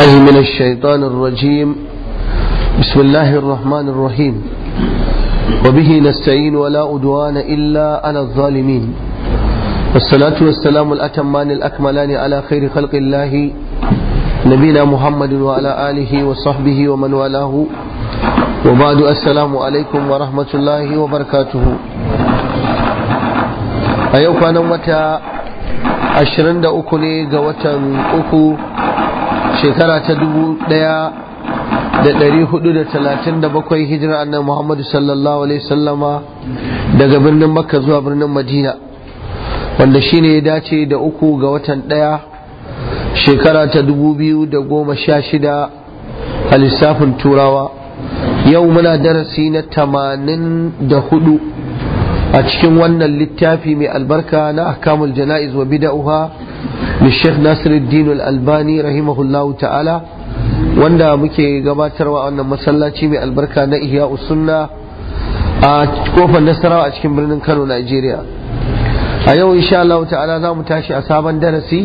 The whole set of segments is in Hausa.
الله من الشيطان الرجيم بسم الله الرحمن الرحيم وبه نستعين ولا أدوان إلا على الظالمين والصلاة والسلام الأتمان الأكملان على خير خلق الله نبينا محمد وعلى آله وصحبه ومن والاه وبعد السلام عليكم ورحمة الله وبركاته أيوكا نمتا 23 ne ga watan uku shekara ta dubu ɗaya da ɗari hudu da talatin da bakwai hijira na muhammadu sallallahu alaihi sallama daga birnin makka zuwa birnin madina wanda shine ya dace da uku ga watan ɗaya shekara ta dubu biyu da goma sha shida a lissafin turawa yau muna darasi na tamanin da hudu a cikin wannan littafi mai albarka na akamul jana'iz wa bida'uha للشيخ ناصر الدين الألباني رحمه الله ta'ala wanda muke gabatarwa a wannan masallaci mai albarka na ihya a kofar nasarawa a cikin birnin kano nigeria a yau insha Allah ta'ala za mu tashi a sabon darasi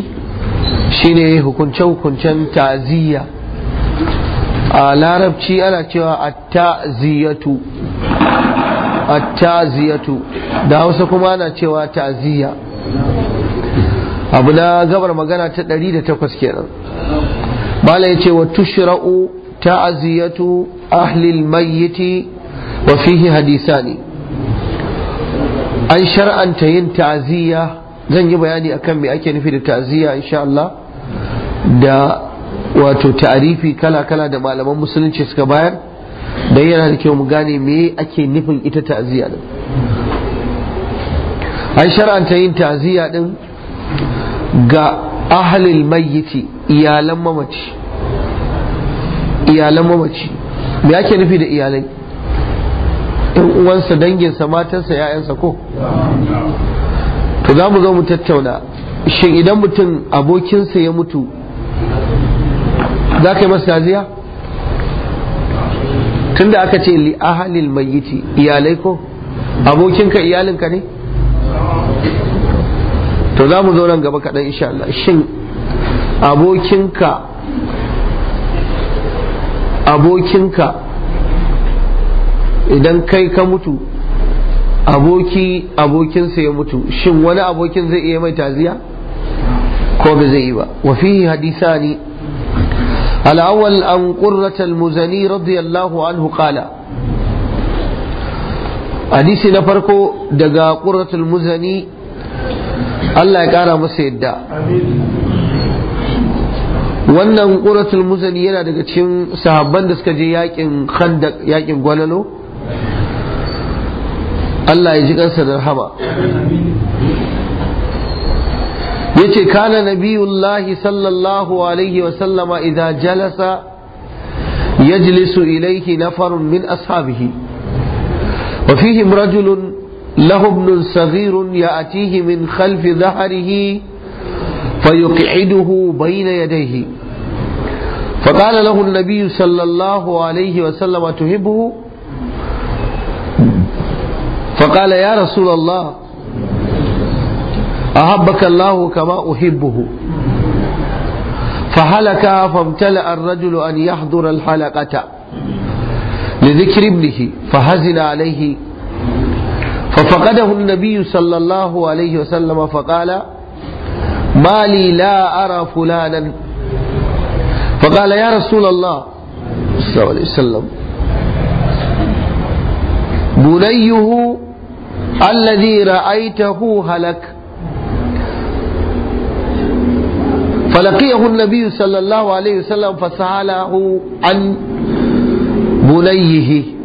shine hukunce-hukuncen ta'aziyya a larabci ana cewa a taziyatu a taziyatu da hausa kuma ana cewa ta'aziyya abu na gabar magana ta 108 kenan ya ce wa tushra'u ta'ziyatu ahli al-mayyit wa fihi ne. an shar'anta yin ta'ziya zan yi bayani akan me ake nufi da ta'ziya insha Allah da wato ta'arifi kala-kala da malaman musulunci suka bayar da yana da kyau mu gane me ake nufin ita ta'ziya din an shar'anta yin ta'ziya din ga ahalil mayyiti iyalan mamaci iyalan mamaci me ake nufi da iyalai ɗan uwansa danginsa matarsa ya'yansa ko to za mu zo mu tattauna shin idan mutum abokinsa ya mutu za ka yi masa taziya tunda aka ce li ahalil mayyiti iyalai ko abokinka iyalinka ne to za mu zo nan gaba kaɗan insha Allah shin abokinka abokinka idan kai ka mutu aboki abokinsa ya mutu shin wani abokin zai iya mai taziya ko ba zai yi ba wa fihi hadisani الأول an قرة muzani radiyallahu anhu qala Hadisi na farko daga قرة muzani. Allah ya kara masa yadda wannan ƙuratul muzani yana daga cikin sahabban da suka je yakin khandaq yakin gwalalo Allah ya ji kansa da rahama Ya ce kana nabiyullahi sallallahu alaihi wa sallama idza jalasa yajlisu ilayhi nafarun min ashabihi wa fihim rajulun له ابن صغير يأتيه من خلف ظهره فيقعده بين يديه فقال له النبي صلى الله عليه وسلم تحبه فقال يا رسول الله أحبك الله كما أحبه فهلك فامتلأ الرجل أن يحضر الحلقة لذكر ابنه فهزن عليه ففقده النبي صلى الله عليه وسلم فقال ما لي لا أرى فلانا فقال يا رسول الله صلى الله عليه وسلم بنيه الذي رأيته هلك فلقيه النبي صلى الله عليه وسلم فسأله عن بنيه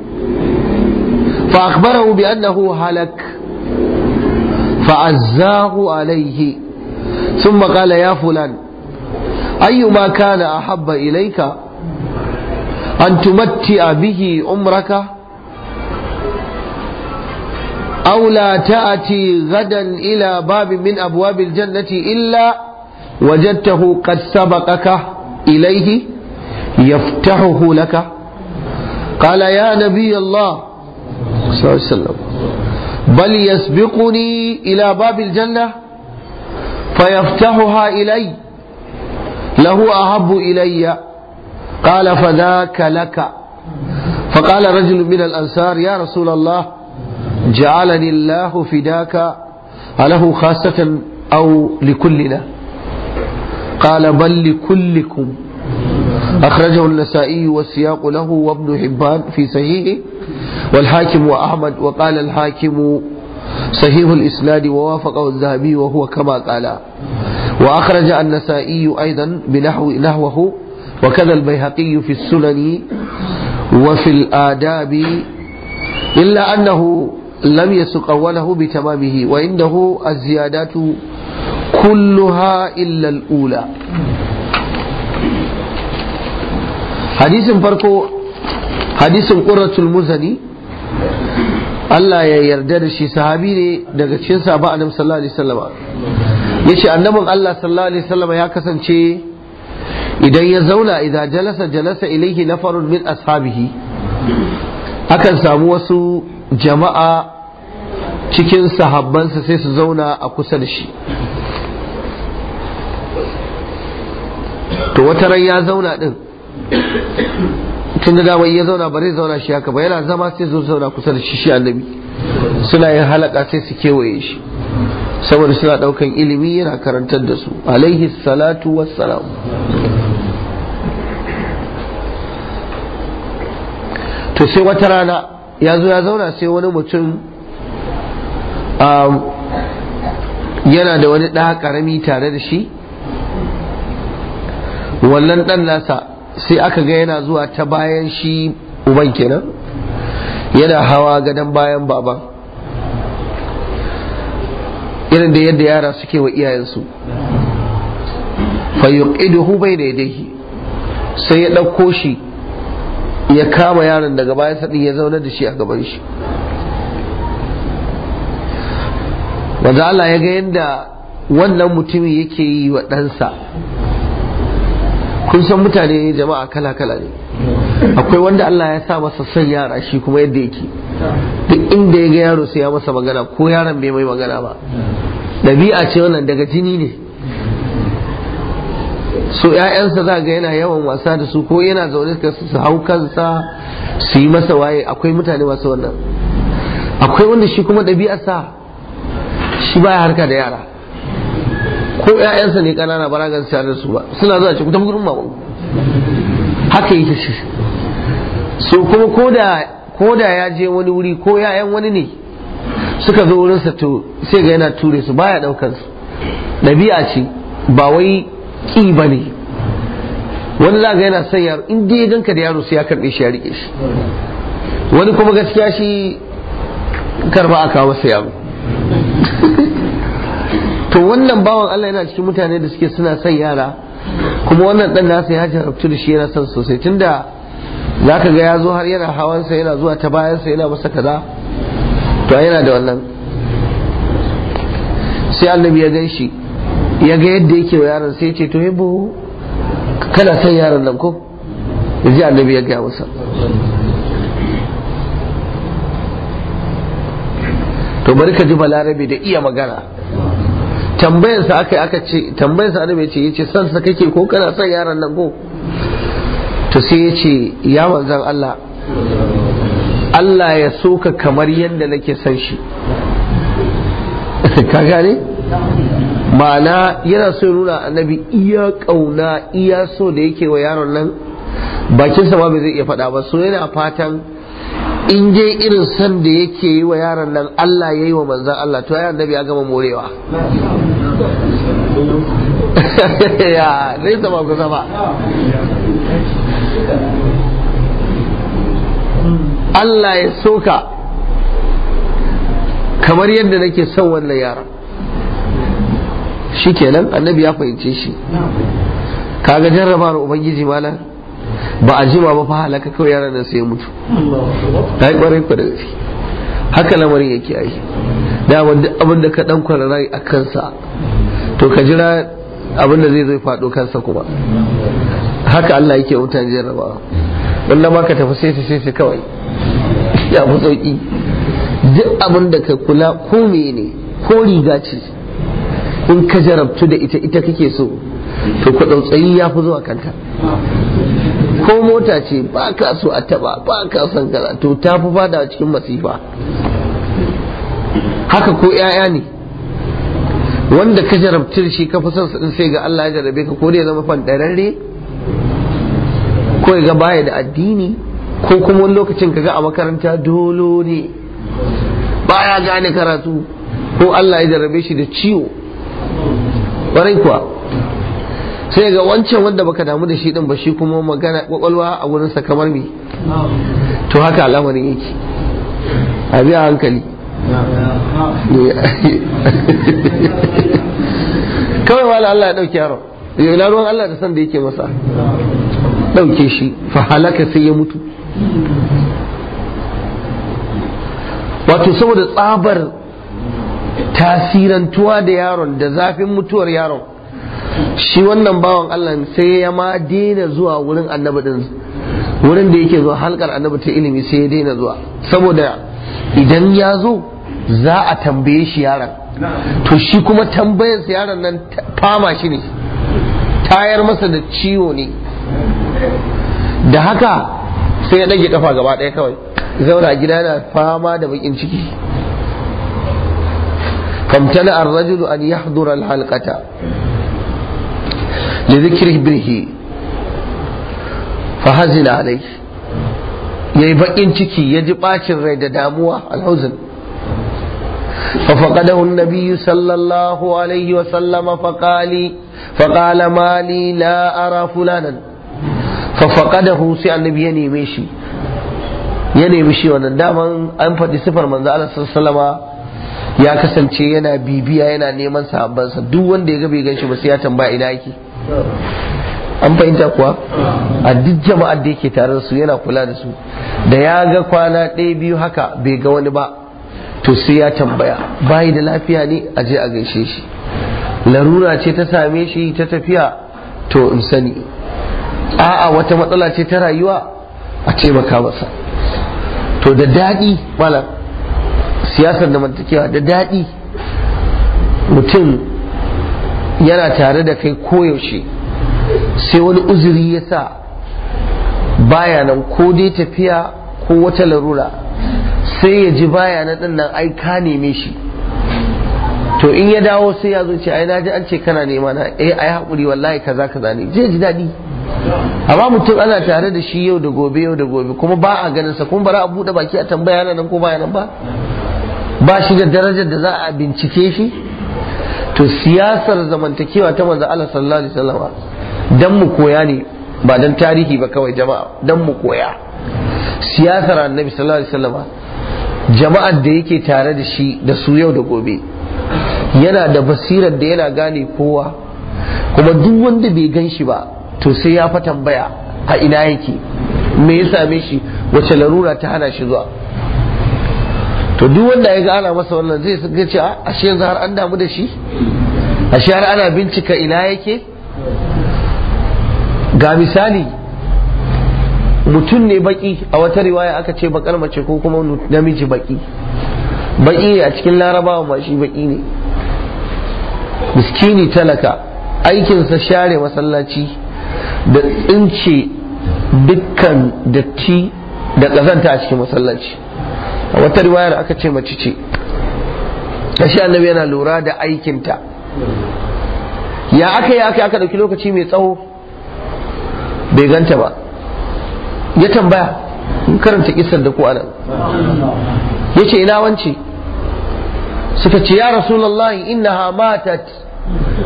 فأخبره بأنه هلك فعزاه عليه ثم قال يا فلان أيما كان أحب إليك أن تمتع به عمرك أو لا تأتي غدا إلى باب من أبواب الجنة إلا وجدته قد سبقك إليه يفتحه لك قال يا نبي الله صلى الله عليه وسلم بل يسبقني إلى باب الجنة فيفتحها إلي له أحب إلي قال فذاك لك فقال رجل من الأنصار يا رسول الله جعلني الله فداك أله خاصة أو لكلنا قال بل لكلكم أخرجه النسائي والسياق له وابن حبان في صحيحه والحاكم وأحمد وقال الحاكم صحيح الإسناد ووافقه الذهبي وهو كما قال وأخرج النسائي أيضا بنحو نحوه وكذا البيهقي في السنن وفي الآداب إلا أنه لم يسق أوله بتمامه وعنده الزيادات كلها إلا الأولى hadisin farko hadisin qurratul muzani Allah ya yarda da shi sahabi ne daga cikin sahaba nan sallallahu alaihi ya ce annabin Allah sallallahu alaihi ya kasance idan ya zauna idan jalasa jalasa ilaihi na farun min ashabihi akan samu wasu jama'a cikin sahabbansa sai su zauna a kusa da shi to wata ran ya zauna din tun da dama ya zauna bari zauna shi haka ba yana zama sai zo zauna kusa da shi annabi suna yin halaka sai su kewaye shi saboda suna daukan ilimi yana karantar da su alaihi salatu wassalam to sai wata rana ya zo ya zauna sai wani mutum um, yana da wani ɗa ƙarami tare da shi wannan ɗan nasa sai aka ga yana zuwa ta bayan shi uban kenan yana hawa gadon bayan baban irin da yadda yara suke wa iyayensu fayyuqiduhu ya yadayhi sai ya ɗauko shi ya kama yaron daga bayan sadin ya zauna da shi a gaban shi wanda Allah ya ga yadda wannan mutumin yake yi wa ɗansa kun san mutane jama'a kala-kala ne akwai wanda Allah ya sa masa son yara shi kuma yadda yake duk inda ya ga yaro sai ya masa magana ko yaron bai mai magana ba ɗabi'a ce wannan daga jini ne so ‘ya'yansa za ga yana yawan wasa da su ko yana zaune ka su hau kansa su yi masa waye akwai mutane masu wannan akwai wanda shi kuma ɗabi'arsa shi baya harka da yara ko ƴaƴansa ne ƙanana ba ragar tare da su ba suna zuwa ce kutan gurin ba haka ta shi so kuma ko da ya je wani wuri ko ƴaƴan wani ne suka zo wurinsa to sai ga yana ture su baya daukar su ɗabi'a ce ba wai ƙi ba ne wani za ga yana son yaro in dai ganka da yaro su ya karɓe shi ya riƙe shi wani kuma gaskiya shi karba aka masa yaro to wannan bawan Allah yana cikin mutane da suke suna son yara kuma wannan dan nasa ya jarabtu da shi yana son sosai tunda ka ga ya zo har yana hawansa yana zuwa ta bayansa yana masa kaza to yana da wannan sai annabi ya gan shi ya ga yadda yake wa yaron sai ce to hebo kana son yaron nan ko ya ji annabi ya gaya masa to bari ka ji balarabe da iya magana tambayansa aka aka ce tambayansa mai ce yace san sansa kake ko kana son yaron nan ko to sai yace ya manzon Allah Allah ya so ka kamar yadda nake son shi ka gane ma'ana yana so ya nuna annabi iya kauna iya so da yake wa yaron nan bakinsa ma bai zai iya faɗa ba so yana fatan in je irin san da yake yi wa yaran nan Allah ya yi wa manzan Allah to yaron nabi ya gama morewa ya nesa sama ku sama. Allah ya soka kamar yadda nake son wannan yaron shi kenan annabi ya fahimce shi kaga jarrabawar ubangiji malam ba a jima ba fa halaka kawai yaran nan sai mutu yi kwarai kwa da gaske haka lamarin yake ai da wanda abin da ka dan kwarara a kansa to ka jira abin da zai zai fado kansa kuma haka Allah yake mutane jarrabawa wallan ma ka tafi sai sai sai kawai ya fi sauki duk abin da ka kula ko ne ko riga ce in ka jarabtu da ita ita kake so to ku tsautsayi ya fi zuwa kanta ko mota ce ba ka so a taba ba ka son to ta fi fada cikin masifa haka ko 'ya'ya ne wanda ka jarabtar shi ka fi son su sai ga Allah ya jarabe ka ko ya zama fandararre ko ga baya da addini ko kuma wani lokacin ka ga a makaranta dolo ne baya gane karatu ko Allah ya jarabe shi da ciwo barai kuwa sai ga wancan wanda baka damu da shi din ba shi kuma magana kwakwalwa a wurin sa kamar me to haka al'amarin yake a biya hankali kawai wala Allah ya dauki yaro ina ruwan Allah da san da yake masa dauke shi fa halaka sai ya mutu wato saboda tsabar tasirantuwa da yaron da zafin mutuwar yaron shi wannan bawan Allah sai ya ma daina zuwa wurin annabi wurin da yake zuwa halkar annabi ta ilimi sai ya daina zuwa saboda idan ya zo za a tambaye shi yaron to shi kuma tambayarsa yaron nan fama shi ne tayar masa da ciwo ne da haka sai ya ɗage kafa gaba ɗaya kawai zauna gida yana fama da bakin ciki kamtana ar-rajulu an yahdura al-halqata لذكر ابنه فهزل عليه yayi bakin ciki ya ji bacin rai da damuwa alhuzun ففقده النبي صلى الله عليه وسلم فقال فقال ما لي لا أرى فلانا ففقده سي النبي ينيمي شي ينيمي شي wannan daman an faɗi sifar manzo Allah sallallahu ya kasance yana bibiya yana neman sahabbansa duk wanda ya ga bai ganshi ba sai ya tambaya ina yake an fahimta kuwa a duk jama'ar da yake tare da su yana kula da su da ya ga kwana ɗaya biyu haka bai ga wani ba to sai ya tambaya bayi da lafiya ne a je a gaishe shi larura ce ta same shi ta tafiya to in sani a'a wata matsala ce ta rayuwa a ce maka masa to da daɗi malam siyasar da mantakewa da daɗi mutum yana tare da kai koyaushe sai wani uzuri ya sa baya ko dai tafiya ko wata larura sai ya ji baya na ɗin nan ai ka neme shi to in ya dawo sai ya zo ce ai na an ce kana nema na eh ai hakuri wallahi kaza kaza ne zai ji daɗi amma mutum ana tare da shi yau da gobe yau da gobe kuma ba a ganin sa kuma bara a buɗe baki a tambaya nan ko baya nan ba ba shi da darajar da za a bincike shi to siyasar zamantakewa ta manzo Allah sallallahu alaihi wasallam dan mu koya ne ba dan tarihi ba kawai jama'a dan mu koya siyasar annabi sallallahu alaihi wasallam jama'ar da yake tare da shi da su yau da gobe yana da basirar da yana gane kowa kuma duk wanda bai gan shi ba to sai ya fa tambaya a ina yake me ya same shi wace larura ta hana shi zuwa to duk wanda ya ga ana masa wannan zai ga ce ah, ashe yanzu har an damu da shi ashe har ana bincika ina yake ga misali mutum ne baki a wata riwaya aka ce bakar mace ko kuma namiji baki baki ne a cikin larabawa ma shi baki ne miskini talaka aikinsa share masallaci da tsince dukkan datti da kazanta a cikin masallaci a wata riwayar aka ce mace ce kashi annabi yana lura da aikinta ya aka yi aka aka ɗauki lokaci mai tsawo bai ganta ba ya tambaya in karanta kisar da ku anan ya ce ina wance suka ce ya rasulallah ha matat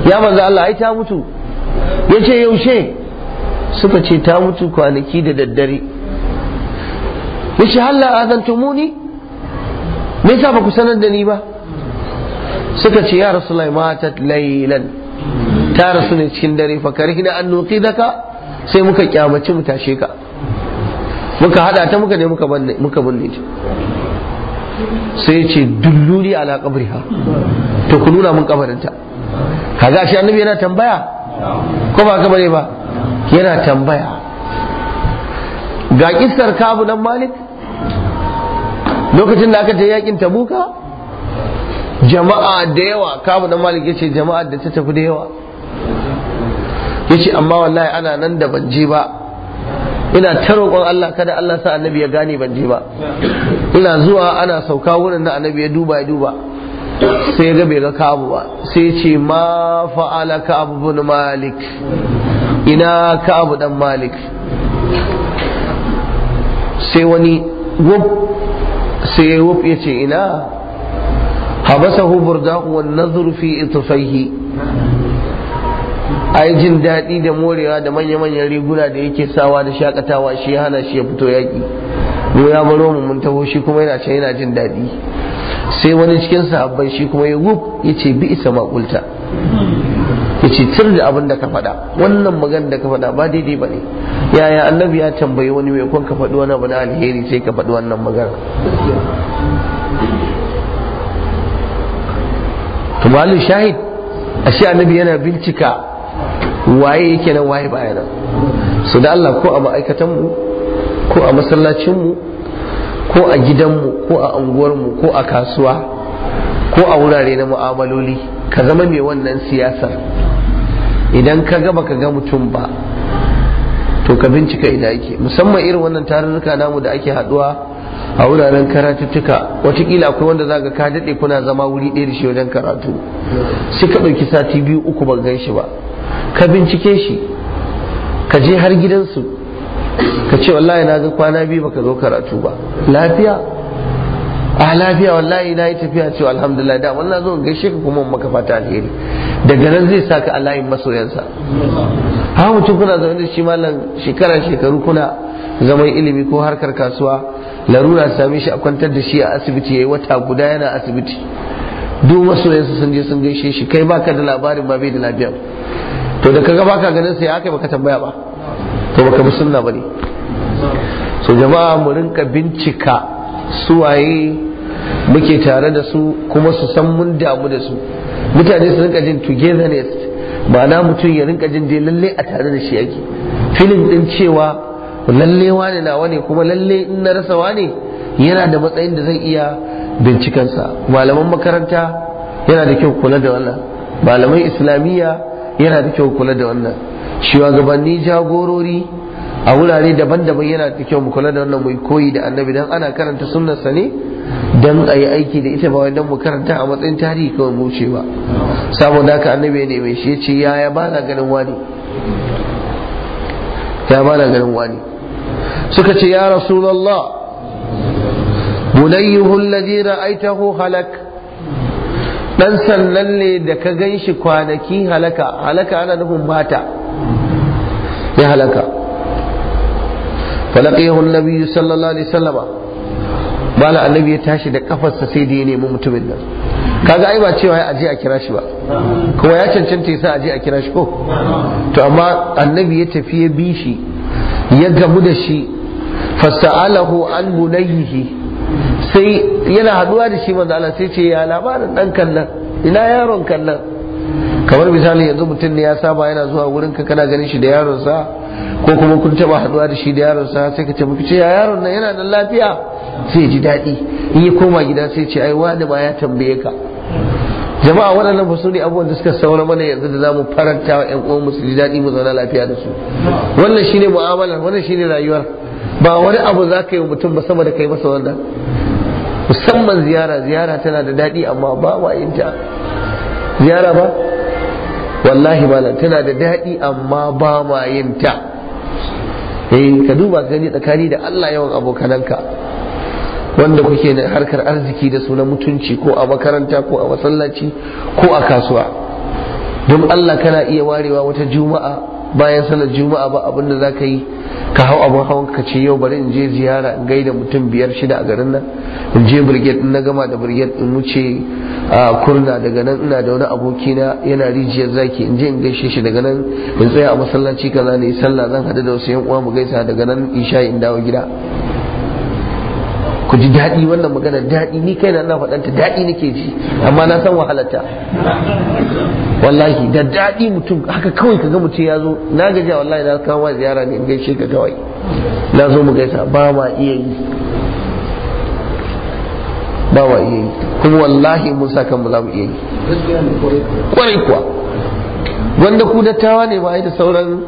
ya manzo Allah ai ta mutu ya ce yaushe suka ce ta mutu kwanaki da daddare ya ce halla azantumuni me yasa ba ku sanar da ni ba suka ce ya rasulullahi matat laylan ta rasu ne cikin dare fa da an daka sai muka kyamaci mu tashe ka muka hada ta muka ne muka banne muka binne ta sai ce dulluri ala ha to ku nuna mun kabarinta kaga shi annabi yana tambaya ko ba kabare ba yana tambaya ga kissar kabu dan malik lokacin da aka je yakin tabuka jama'a da yawa kabu da malik yace jama'a da ta tafi da yawa yace amma wallahi ana nan da ban je ba ina ta roƙon Allah kada Allah sa annabi ya gane ban je ba ina zuwa ana sauka wurin da annabi ya duba ya duba sai ga bai ga kabu ba sai ce ma fa'ala kabu bin malik ina kabu dan malik sai wani sai ya wuf ya ce ina habasahu burdahu zurfi nadhru fi itfaihi ai jin daɗi da morewa da manya-manyan riguna da yake sawa da shakatawa shi hana shi ya fito yaƙi mu ya baro mu mun taho shi kuma yana can jin daɗi sai wani cikin sahabbai shi kuma ya wuf ya ce bi isa makulta. ya ce tir da abin da ka faɗa wannan magana da ka faɗa ba daidai ba ne yaya annabi ya tambayi wani mai kwan ka faɗi wani abu na alheri sai ka faɗi wannan magana to malu shahid shi annabi yana bincika waye yake nan waye baya nan su da Allah ko a ma'aikatan mu, ko a masallacin mu, ko a gidanmu ko a mu, ko a kasuwa ko a wurare na mu'amaloli ka zama mai wannan siyasar idan ka gaba baka ga mutum ba to ka bincika ina yake musamman irin wannan tarurruka namu da ake haduwa a wuraren karatuttuka watakila akwai wanda za ka daɗe kuna zama wuri ɗaya da shi wajen karatu sai ka ɗauki sati biyu uku ban gan shi ba ka bincike shi ka je har gidansu ka ce wallahi na ga kwana biyu baka zo karatu ba lafiya a ah, lafiya wallahi na yi tafiya cewa alhamdulillah da wannan zo gaishe ka kuma maka fata alheri daga nan zai saka a layin masoyansa ha mutum kuna zaune da shi malam shekara shekaru kuna zaman ilimi ko harkar kasuwa larura sami shi a kwantar da shi a asibiti yayi wata guda yana asibiti duk masoyansa sun je sun gaishe shi kai baka da labarin ba bai da lafiya to da kaga baka ganin sai aka baka tambaya ba to baka bi sunna bane so jama'a mu rinka bincika suwaye muke tare da su kuma su san mun damu da su mutane su rinka jin togetherness na mutum ya rinka jin dai lalle a tare da shi yake filin din cewa lalle wane nawa ne kuma lalle in na rasa wane yana da matsayin da zai iya bincikansa malaman makaranta yana da kyau kula da wannan malaman islamiyya yana da kyau kula da wannan shugabanni jagorori a wurare daban-daban yana da kyau mu kula da wannan mai koyi da annabi dan ana karanta sunnarsa ne dan a yi aiki da ita ba wai dan mu karanta a matsayin tarihi kawai mu ba saboda haka annabi ne mai shi ya ce ya ba na ganin wani ya ba na ganin wani suka ce ya rasulullah bunayyuhu alladhi ra'aytahu halak dan sannan ne da ka gan shi kwanaki halaka halaka ana nufin mata ya halaka falaqiyahu an sallallahu alaihi wasallama bala annabi ya tashi da kafarsa sai da ya nemi mutumin nan kaga ai ba cewa ya aje a kira shi ba kuma ya cancanta ya sa aje a kira shi ko to amma annabi ya tafi ya bi shi ya gamu da shi fasa'alahu an bunayhi sai yana haduwa da shi manzo Allah sai ce ya labarin dan kallan ina yaron kallan kamar misali yanzu mutum ne ya saba yana zuwa ka kana ganin shi da yaron sa ko kuma kun taba haduwa da shi da yaron sa sai ka ce muku ce ya yaron nan yana da lafiya sai ji daɗi in ya koma gida sai ce ai wani ba ya tambaye ka jama'a waɗannan ba su ne abubuwan da suka saura mana yanzu da zamu faranta wa ƴan uwan ji daɗi mu zauna lafiya da su wannan shine mu'amalar wannan shine rayuwar ba wani abu za ka yi mutum ba sama da kai masa wannan musamman ziyara ziyara tana da daɗi amma ba wa ziyara ba wallahi malam tana da daɗi amma ba ma yin ta eh ka duba gani tsakani da Allah yawan abokananka wanda kuke da harkar arziki da sunan mutunci ko a makaranta ko a masallaci ko a kasuwa don Allah kana iya warewa wata juma'a bayan sanar juma'a ba abinda da ka yi ka hau abin hawan ka ce yau bari in je ziyara in gaida mutum biyar shida a garin nan in je birgit in na gama da birgit in wuce a kurna daga nan ina da wani abokina yana rijiyar zaki in je in gaishe shi daga nan in tsaya a masallaci kaza ne sallah zan hadu da wasu yan uwa mu gaisa daga nan isha in dawo gida ku ji daɗi wannan magana daɗi ni kaina ina faɗanta daɗi nake ji amma na san wahalarta wallahi da daɗi mutum haka kawai kaga mutum ya zo na gaja wallahi na kawo ziyara ne in gaishe ka kawai na zo mu gaisa ba ma iya yi ba wa iya yi kuma wallahi mun sa kanmu za mu iya yi kwarai kuwa wanda ku dattawa ne ba da sauran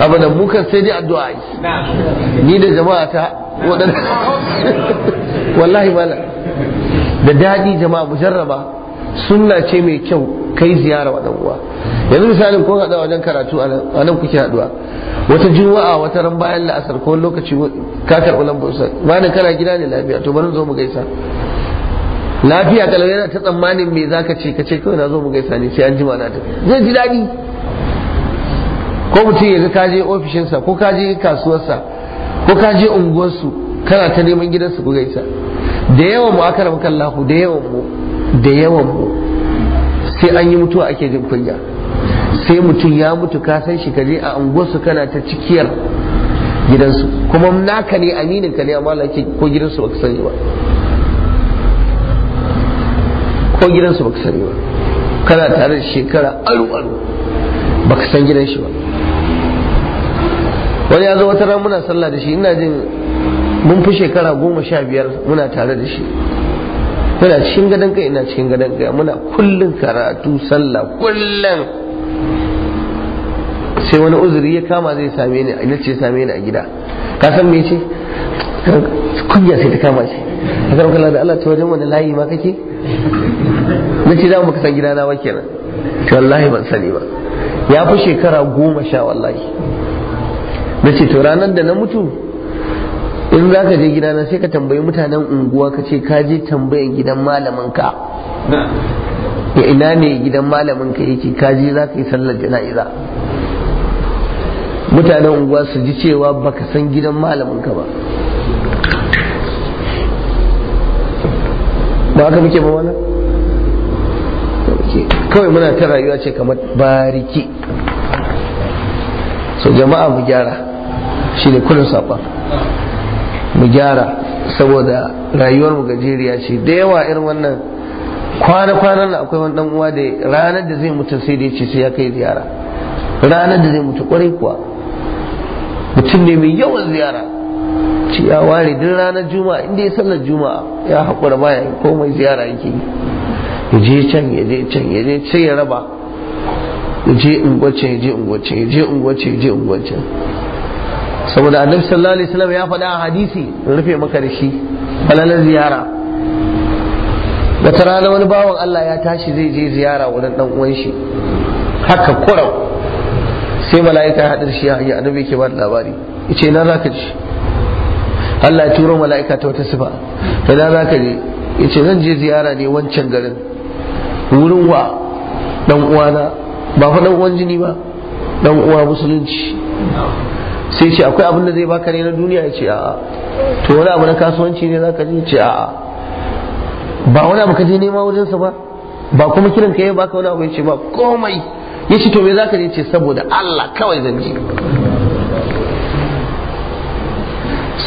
abu da sai dai addu'a yi ni da jama'a ta waɗanda wallahi mala da daɗi jama'a mu jarraba sunna ce mai kyau kai ziyara wa uwa yanzu misalin ko haɗa wajen karatu a nan kuke haɗuwa wata juma'a wata ran bayan la'asar ko lokaci ka karɓi lambar sa wani kana gida ne lafiya to bari zo mu gaisa lafiya kalau yana ta tsammanin me zaka ce ka ce kawai na zo mu gaisa ne sai an jima na ta zai ji daɗi ko mutum ya ga ka je ofishinsa ko ka je kasuwarsa ko ka je unguwarsu kana ta neman gidansu ku gaisa da yawan mu aka ramu kallahu da yawan mu da yawan mu sai an yi mutuwa ake jin kunya sai mutum ya mutu ka san shi ka je a unguwarsu kana ta cikiyar gidansu kuma naka ne aminin ka ne amma ko gidansu baka sani ba ko gidansu baka sani ba kana tare da shekara aru aru baka san gidan shi ba wani ya zo wata ran muna sallah da shi ina jin mun fi shekara goma sha biyar muna tare da shi muna cikin gadon kai ina cikin gadon kai muna kullum karatu sallah kullum sai wani uzuri ya kama zai same ni a ce same ni a gida ka san me ce kunya sai ta kama shi a karan kallon da Allah ta wajen wani layi ma kake na ce za mu ka san gidana ba nan. ce wallahi ban sani ba ya fi shekara goma sha wallahi na ce to ranar da na mutu in za ka je gidana sai ka tambayi mutanen unguwa ka ce ka je tambayan gidan malamin ka ya ina ne gidan malamin ka yake ka je za ka yi sallar jana'iza mutanen unguwa su ji cewa ba ka san gidan malamin ka ba ba haka muke ba wannan kawai muna ta rayuwa ce kamar bariki so jama'a mu gyara shi ne kullum Safa mu gyara saboda rayuwar mu gajeriya ce da yawa irin wannan kwana-kwanan akwai wani dan uwa da ranar da zai mutu sai da ya ce sai ya kai ziyara ranar da zai mutu kwarai kuwa mutum ne mai yawan ziyara ci ya ware duk ranar juma'a inda ya sallar juma'a ya haƙura baya komai ziyara yake yi je can ya je can ya je sai ya raba ya je ungwacin ya je ungwacin ya je ungwacin ya je ungwacin saboda annabi sallallahu alaihi wasallam ya faɗa a hadisi rufe maka da shi falalar ziyara wata rana wani bawan Allah ya tashi zai je ziyara wurin dan uwan shi haka kurau sai mala'ika ya hadar shi ya hanya annabi yake ba da labari yace na zaka ji Allah ya turo mala'ika ta wata sifa za zaka je yace zan je ziyara ne wancan garin wurin wa dan uwana ba fa dan uwan jini ba dan uwa musulunci sai ce akwai abin da zai baka ne na duniya ya ce a'a to wani abu na kasuwanci ne zaka je ce a'a ba wani abu ka je nema wajensa ba ba kuma kiran ka ya baka wani abu ya ce ba komai ya ce to me zaka je ce saboda Allah kawai zan je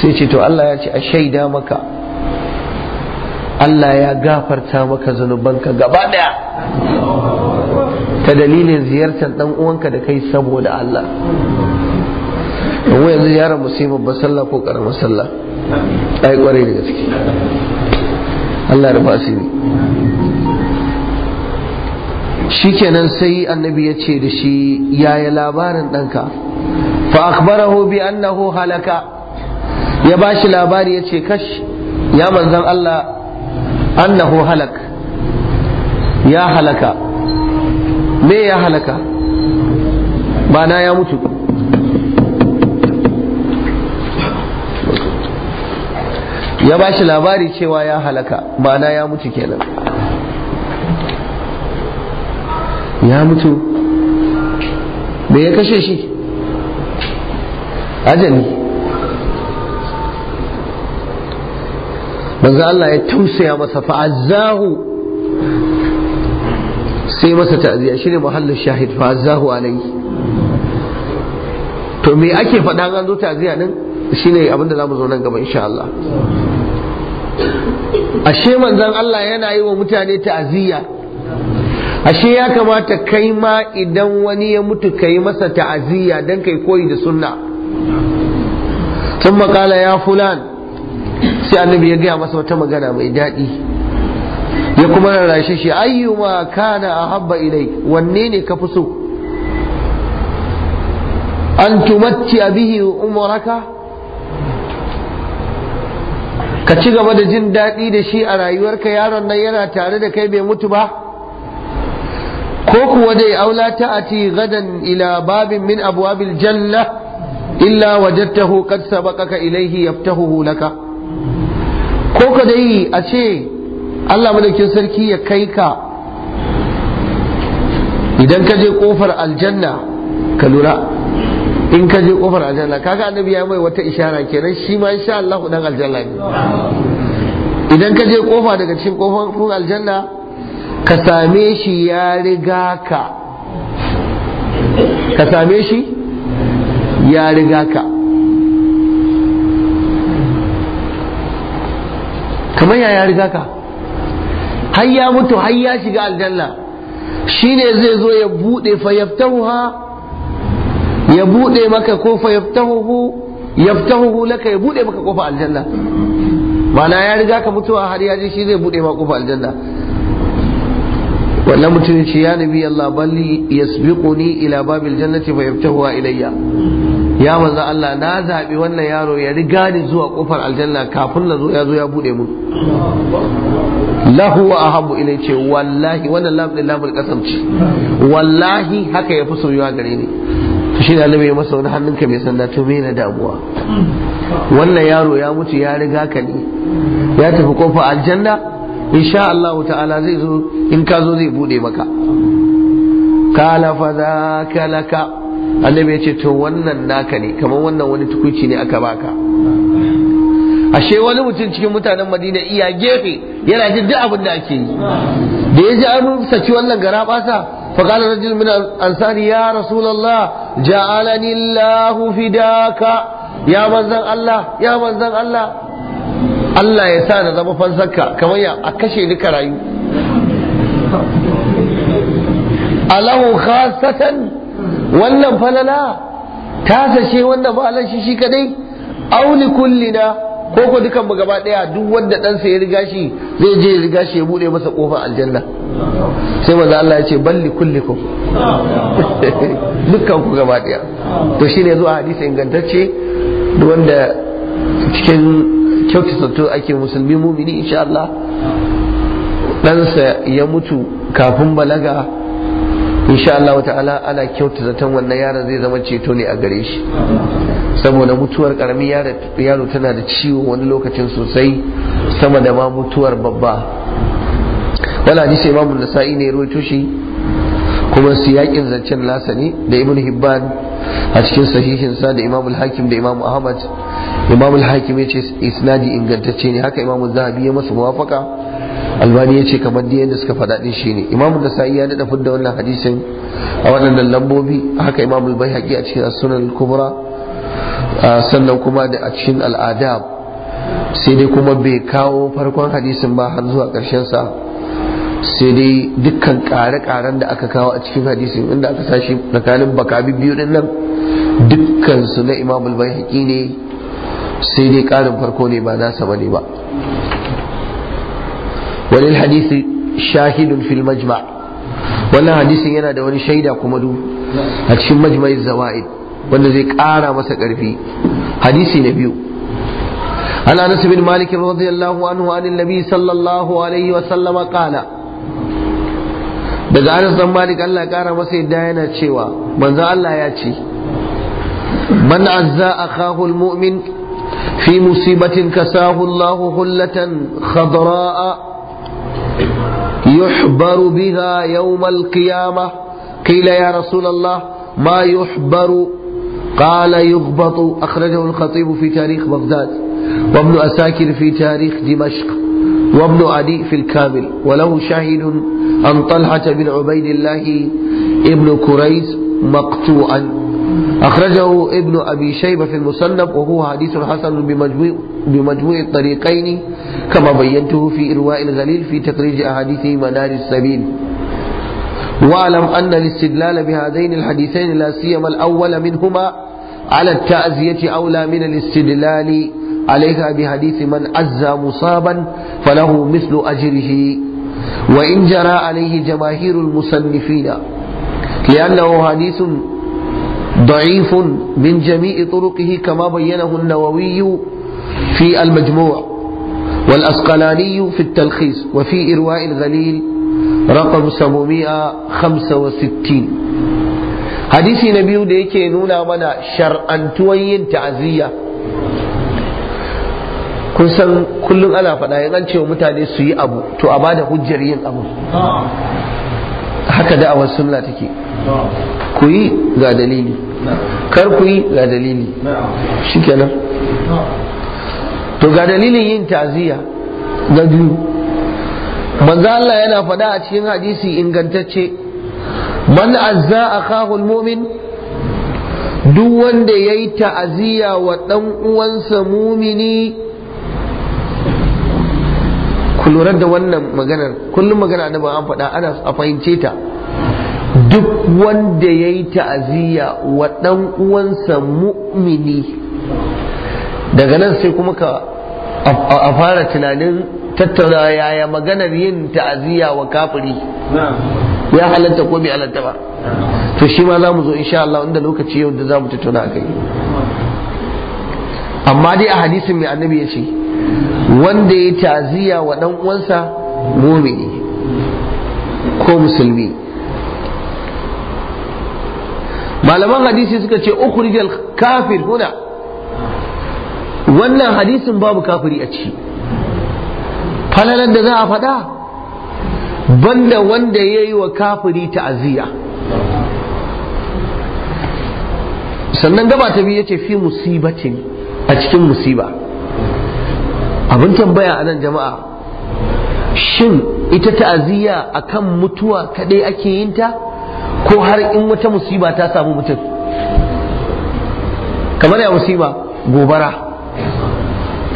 sai ce to Allah ya ce a shaida maka Allah ya gafarta maka zunubanka gaba daya ta dalilin ziyartar dan uwanka da kai saboda Allah yanzu yaran musibar ba sallah ko ƙaramin sallah ai ƙwarai da gaske Allah da Shi shikenan sai annabi ya ce da shi yaya labarin ɗanka fa akhbarahu bi annahu halaka ya bashi labari ya ce kash ya manzan Allah annahu halak ya halaka me ya halaka ba na ya mutu ya ba shi labari cewa ya halaka ba na ya mutu kenan ya mutu da ya kashe shi ajali manzo Allah ya tausaya masa fa'azzahu sai masa ta'ziya shine muhallin shahid fa'azzahu alayhi to me ake faɗa an zo ta'ziya din shine abin da zamu zo nan gaba insha Allah ashe manzon Allah yana yi wa mutane ta'ziya ashe ya kamata kai ma idan wani ya mutu kai masa ta'aziyya dan kai koyi da sunna ثم قال ya فلان sai annabi ya gaya masa wata magana mai daɗi ya kuma rarrashe shi ayyuma kana ahabba ilai wanne ne ka fi so an tumatti bihi umaraka ka ci gaba da jin daɗi da shi a rayuwarka yaron nan yana tare da kai bai mutu ba ko kuwa dai aula ti gadan ila babin min abwabil janna illa wajadtahu qad sabaqaka ilaihi yaftahu laka ko ka dai a ce Allah madaukin sarki ya kai ka idan ka je kofar aljanna ka lura in ka je kofar aljanna kaga annabi ya mai wata ishara kenan shi ma insha Allah dan aljanna ne idan ka je kofa daga cikin kofar aljanna ka same shi ya riga ka ka same shi ya riga ka kamar ya ya riga ka har ya mutu har ya shiga aljanna shine zai zo ya bude fa yaftahuha ya bude maka ko fa yaftahuhu laka ya bude maka kofa aljanna mana ya riga ka mutuwa har ya ji shi zai bude maka kofa aljanna wannan mutum ya ce ya nabi Allah balli yasbiquni ila babil jannati fa yaftahuha ilayya ya manzo Allah na zaɓi wannan yaro ya riga ni zuwa kofar aljanna kafin na zo ya zo ya bude mun lahu wa ahabu ilai ce wallahi wannan lafin lafin kasam ce wallahi haka ya fi soyuwa gare ni to shi annabi ya masa wani hannunka mai sanda to me na damuwa wannan yaro ya mutu ya riga ka ne ya tafi kofar aljanna insha Allah ta'ala zai zo in ka zo zai bude maka kala fa laka annabi ya ce to wannan naka ne kamar wannan wani tukuci ne aka baka ashe wani mutum cikin mutanen madina iya gefe yana jin duk abin da ake yi da ya ji an saki wannan gara basa fa qala min ansari ya rasulullah ja'alani allah fidaka ya manzan allah ya manzan allah Allah ya sa na zama fansarka kamar ya a kashe ni karayu alahu khasatan wannan falala ta sashe wanda ba shi shi kadai auli kullina ko ko dukan mu gaba daya duk wanda ɗansa ya riga shi zai je ya riga shi ya bude masa kofar aljanna sai wanda Allah ya ce balli kullikum dukkan ku gaba daya to shine zuwa hadisi ingantacce wanda cikin sato ake musulmi mumini insha Allah ɗansa ya mutu kafin balaga insha Allah ta'ala ana kyauta zaton wannan yaron zai zama ceto ne a gare shi saboda mutuwar karamin yaro tana da ciwo wani lokacin sosai sama da ma mutuwar babba wala sai imamu nasa'i ne ruwaito shi kuma su yaƙin zancen lasa ne da ibn hibban a cikin sahihin sa da imamul hakim da imamu ahmad imamul hakim ya ce isnadi ingantacce ne haka imamu zahabi ya masu muwafaka albani ya ce kamar da yadda suka faɗaɗi shi ne imamu da sa'i ya daɗa fudda wannan hadisin a waɗannan lambobi haka imamu haƙi a cikin sunan kubra sannan kuma da a cikin al'adab sai dai kuma bai kawo farkon hadisin ba har zuwa ƙarshen sa sai dai dukkan ƙare-ƙaren da aka kawo a cikin hadisin inda aka sashi tsakanin bakabi biyu din nan dukkan su na imamu haƙi ne sai dai ƙarin farko ne ba nasa ne ba walil hadisi shahidun fil majma wannan hadisin yana da wani shaida kuma du a cikin majmai zawaid wanda zai ƙara masa ƙarfi hadisi na biyu عن انس بن مالك رضي الله عنه عن النبي صلى الله عليه وسلم daga anas dan malik Allah kara masa yadda yana cewa manzo Allah ya ce man azza akahu almu'min fi musibatin kasahu Allah hullatan khadra'a يحبر بها يوم القيامة قيل يا رسول الله ما يحبر قال يغبط أخرجه الخطيب في تاريخ بغداد وابن أساكر في تاريخ دمشق وابن عدي في الكامل وله شاهد أن طلحة بن عبيد الله ابن كريز مقطوعا أخرجه ابن أبي شيبة في المسلم وهو حديث حسن بمجموع, بمجموع الطريقين كما بينته في إرواء الغليل في تخريج أحاديث منار السبيل واعلم أن الاستدلال بهذين الحديثين لا سيما الأول منهما على التعزية أولى من الاستدلال عليها بحديث من عزى مصابا فله مثل أجره وإن جرى عليه جماهير المصنفين لأنه حديث ضعيف من جميع طرقه كما بينه النووي في المجموع والأسقلاني في التلخيص وفي إرواء الغليل رقم 765 حديث نبي ديكي نونا منا شرعا أن توين تعزية كنسان كل ألا فلا يغنى ومتالي سي أبو تو أباد حجرين أبو نعم. هكذا أول سنة تكي نعم. ku yi ga dalili kar ku yi ga dalili shikenan to ga dalilin yin taziya na biyu manzo Allah yana faɗa a cikin hadisi ingantacce man azza akahu almu'min duk wanda yayi ta'aziya wa ɗan uwansa mumini ku lura da wannan maganar kullum magana da ba an faɗa ana a fahimce ta duk wanda ya yi ta'aziyya wa ɗan uwansa mu'mini daga nan sai kuma ka a fara tunanin tattauna yaya maganar yin ta'aziyya wa kafiri ya halatta ko bai halatta ba to shi ma za mu zo insha Allah inda lokaci yau da za mu tattauna kai amma dai a hadisin mai annabi ya ce wanda ya yi ta'aziyya wa ɗan uwansa mumini ko musulmi malaman hadisi suka ce ukhrijal kafir huna wannan hadisin babu kafiri a ciki falalan da za a faɗa banda wanda ya yi wa kafiri ta'aziyya sannan gaba ta biyu ya ce fi musibatin a cikin musiba abin tambaya a nan jama'a shin ita ta'aziyya akan mutuwa kaɗai ake yin ta ko har in wata musiba ta samu mutum kamar ya musiba gobara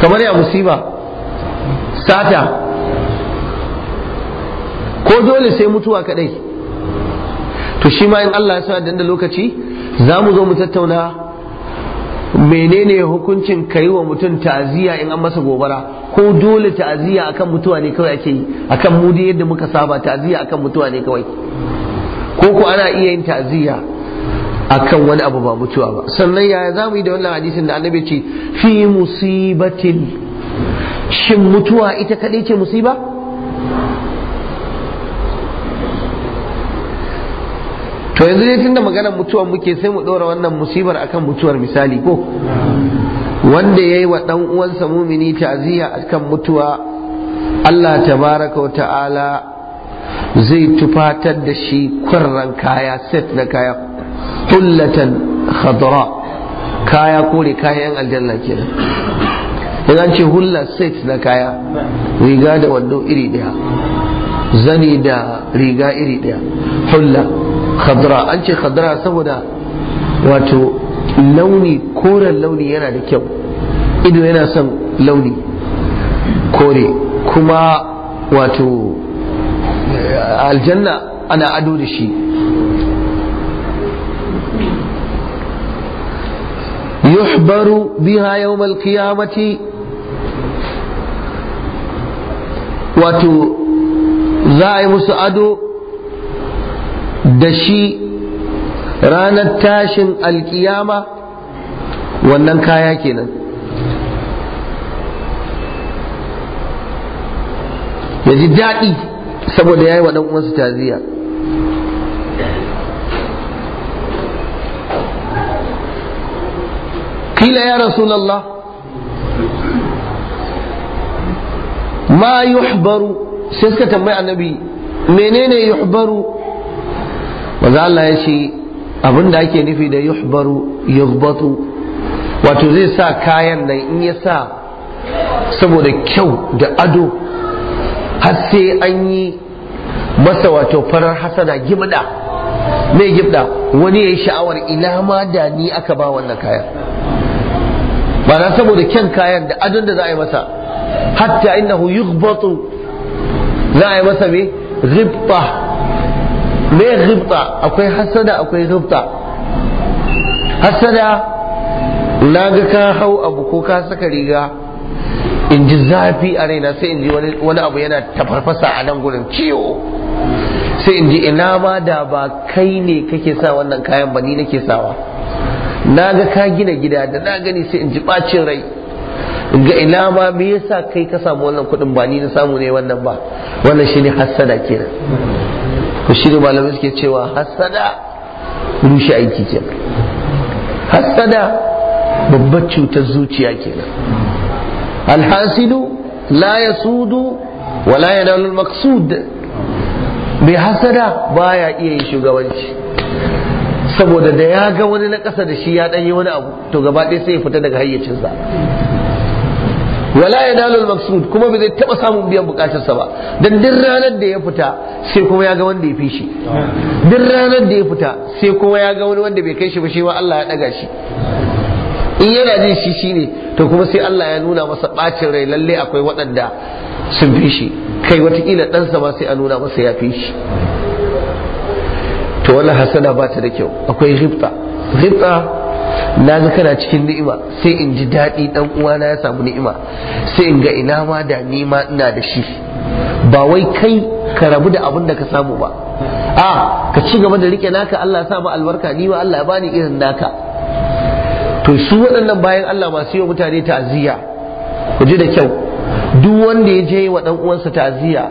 kamar ya musiba sata ko dole sai mutuwa kadai to shi ma in Allah ya sa da lokaci za mu zo mu tattauna menene hukuncin kai wa mutum ta'aziyya in an masa gobara ko dole ta'aziyya akan mutuwa ne kawai ake yi akan mu yadda muka saba ta'aziyya akan mutuwa ne kawai ko ku ana iya yin ta'ziya akan wani abu ba mutuwa ba sannan yaya za mu yi da wannan hadisin da annabi ce fi musibatin shin mutuwa ita kadai ce musiba to yanzu tun tunda maganar mutuwar muke sai mu ɗora wannan musibar akan mutuwar misali ko wanda ya yi wa ɗan uwansa mumini ta'ziya akan mutuwa Allah tabaraka wa ta'ala zai tufatar da shi kwarran kaya set na kaya kullatan khadra kaya kore kayan aljanna kenan idan ce hulla set na kaya riga da wando iri daya zani da riga iri daya hulla khadra an ce khadra saboda wato launi koren launi yana da kyau ido yana son launi kore kuma wato aljanna ana ado da shi yuhbaru biha yawmal qiyamati wato za a yi musu ado da shi ranar tashin alkiyama wannan kaya kenan ya ji daɗi saboda yi wa dan uwansu taziya kila ya rasulullah ma yuhbaru sai suka tambayi annabi menene yuhbaru maza Allah ya ce abin da ake nufi da yuhbaru yughbatu wato zai sa kayan nan in ya sa saboda kyau da ado har sai an yi masa wato farar hasana gimda mai gimda wani ya yi sha'awar ina ma da ni aka ba wannan kayan ba na saboda kyan kayan da adon da za a yi masa hatta innahu yughbatu za a yi masa me ghibta me ghibta akwai hasada akwai ghibta hasada na ga ka hau abu ko ka saka riga in ji zafi a raina sai in ji wani abu yana tafarfasa a nan gudun ciwo sai in ji ina ma da ba kai ne kake sa wannan kayan ba ni nake sawa na ga ka gina gida da na gani sai in ji bacin rai ga ina ma me yasa kai ka samu wannan kuɗin ba ni na samu ne wannan ba wannan shine hassada kenan shi ne malamai suke cewa hassada rushe aiki kenan hassada babbar cutar zuciya kenan alhasidu لا يسود ولا ينال المقصود بحسد بايا hasada baya iya yin shugabanci saboda da ya ga wani na ƙasa da shi ya ɗanyi wani abu to gaba ɗaya sai ya fita daga hayyacinsa wala ya dalil maksud kuma bai taɓa samun biyan sa ba don duk ranar da ya fita sai kuma ya ga wanda ya fi shi duk ranar da ya fita sai kuma ya ga wani wanda bai kai shi ba shi ma Allah ya ɗaga shi in yana jin shi shi ne to kuma sai Allah ya nuna masa bacin rai lalle akwai waɗanda sun fi shi kai watakila ɗansa ma sai a nuna masa ya fi shi to wannan hasada ba ta da kyau akwai ghibta ghibta na ga kana cikin ni'ima sai in ji daɗi ɗan uwana ya samu ni'ima sai in ga ina ma da ni ma ina da shi ba wai kai ka rabu da abin da ka samu ba a ka ci gaba da rike naka Allah ya sa albarka ni ma Allah ya bani irin naka to su waɗannan bayan Allah masu yi wa mutane ta'aziyya ku ji da kyau duk wanda ya je wa ɗan uwansa ta'aziyya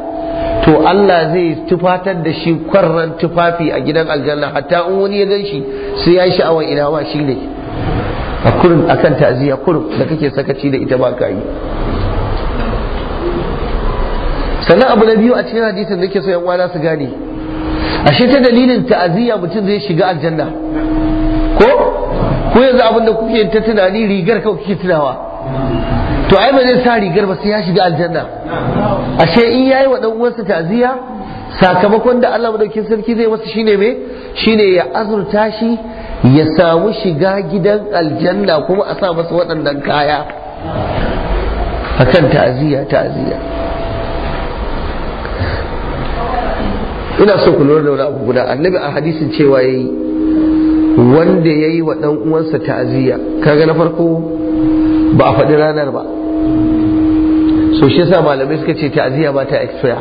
to Allah zai tufatar da shi kwarran tufafi a gidan aljanna hatta in wani ya gan shi sai ya yi sha'awa ina ma shi ne a kurin akan ta'aziyya kurin da kake sakaci da ita ba ka yi sannan abu na biyu a cikin hadisin da ke so yan na su gane ashe ta dalilin ta'aziyya mutum zai shiga aljanna ko ko yanzu abin da kuke ta tunani rigar kawai kuke tunawa to ai ba sa rigar ba sai ya shiga aljanna ashe in yayi wa dan uwansa ta'ziya sakamakon da Allah madaukakin sarki zai masa shine me shine ya azurta shi ya samu shiga gidan aljanna kuma a sa masa waɗannan kaya akan ta'ziya ta'ziya ina so ku lura da wani abu guda annabi a hadisin cewa yayi wanda ya yi wa ɗan uwansa ta'aziyya kaga na farko ba a faɗi ranar ba so shi yasa malamai suka ce ta'aziyya ba ta expire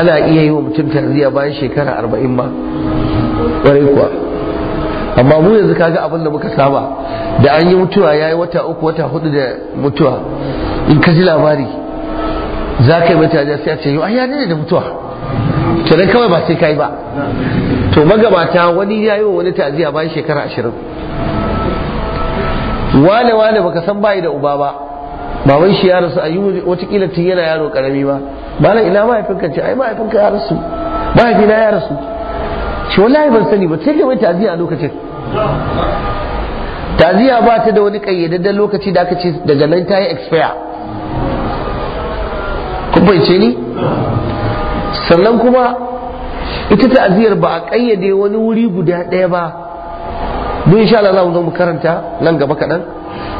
ana iya yi wa mutum ta'aziyya bayan shekara arba'in ma ƙwarai kuwa amma mu yanzu kaga abin da muka saba da an yi mutuwa ya yi wata uku wata hudu da mutuwa in ka ji labari za ka yi mutane sai a ce yau ai ya da mutuwa kenan kawai ba sai kai ba to magabata wani ya yi wa wani taziya bayan shekara ashirin wane wane baka san bayi da uba ba baban shi ya rasu a yi watakila tun yana yaro karami ba malam ina mahaifinka ce ai mahaifinka ya rasu mahaifina ya rasu shi wallahi ban sani ba sai da wai ta'aziyya a lokacin taziya ba ta da wani kayyadadden lokaci da aka ce daga nan ta yi expire kun ce ni sannan kuma ita ta'aziyar ba a ƙayyade wani wuri guda ɗaya ba don insha Allah za mu karanta nan gaba kaɗan